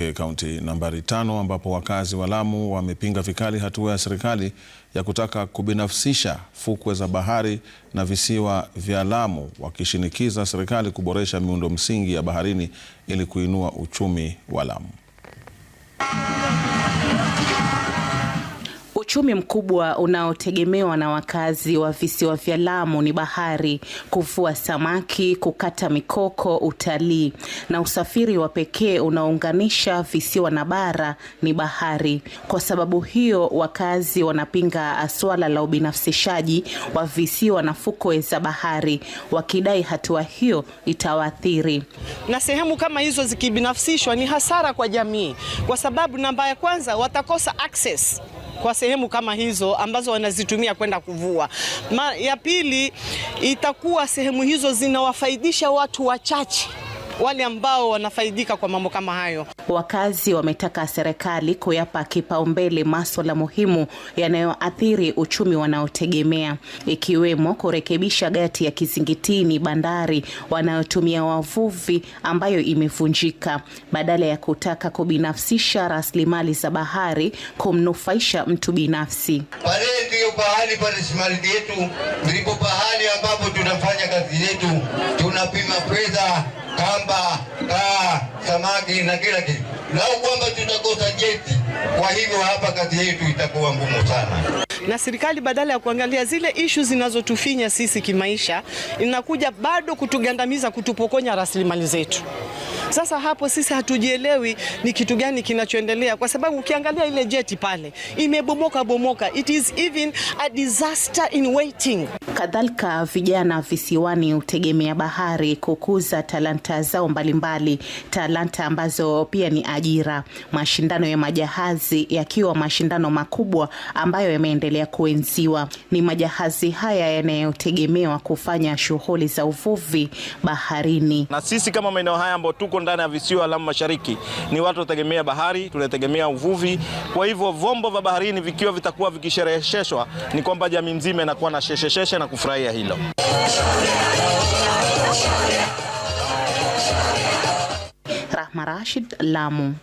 E, kaunti nambari tano ambapo wakazi wa Lamu wamepinga vikali hatua ya serikali ya kutaka kubinafsisha fukwe za bahari na visiwa vya Lamu, wakishinikiza serikali kuboresha miundo msingi ya baharini ili kuinua uchumi wa Lamu. Uchumi mkubwa unaotegemewa na wakazi wa visiwa vya Lamu ni bahari, kuvua samaki, kukata mikoko, utalii na usafiri wa pekee unaounganisha visiwa na bara ni bahari. Kwa sababu hiyo, wakazi wanapinga swala la ubinafsishaji wa visiwa na fukwe za bahari, wakidai hatua hiyo itawaathiri. Na sehemu kama hizo zikibinafsishwa, ni hasara kwa jamii, kwa sababu namba ya kwanza watakosa access kwa sehemu kama hizo ambazo wanazitumia kwenda kuvua. Ma, ya pili itakuwa sehemu hizo zinawafaidisha watu wachache wale ambao wanafaidika kwa mambo kama hayo. Wakazi wametaka serikali kuyapa kipaumbele maswala muhimu yanayoathiri uchumi wanaotegemea ikiwemo kurekebisha gati ya Kizingitini bandari wanayotumia wavuvi ambayo imevunjika, badala ya kutaka kubinafsisha rasilimali za bahari kumnufaisha mtu binafsi. Pale pahali pa rasilimali yetu, ndipo pahali ambapo tunafanya kazi zetu tunapima fedha kamba kaa samaki na kila kitu, lau kwamba tutakosa jeti. Kwa hivyo hapa kazi yetu itakuwa ngumu sana na serikali badala ya kuangalia zile ishu zinazotufinya sisi kimaisha, inakuja bado kutugandamiza, kutupokonya rasilimali zetu. Sasa hapo sisi hatujielewi ni kitu gani kinachoendelea, kwa sababu ukiangalia ile jeti pale imebomoka bomoka, it is even a disaster in waiting. Kadhalika vijana visiwani hutegemea bahari kukuza talanta zao mbalimbali, talanta ambazo pia ni ajira. Mashindano ya majahazi yakiwa mashindano makubwa ambayo yameendelea kuenziwa, ni majahazi haya yanayotegemewa kufanya shughuli za uvuvi baharini, na sisi kama maeneo haya ambayo tuko tuko ndani ya visiwa la mashariki, ni watu wanategemea bahari, tunategemea uvuvi. Kwa hivyo vombo vya baharini vikiwa vitakuwa vikisherehesheshwa, ni kwamba jamii nzima inakuwa na sheshesheshe na kufurahia hilo. Rahma Rashid, Lamu.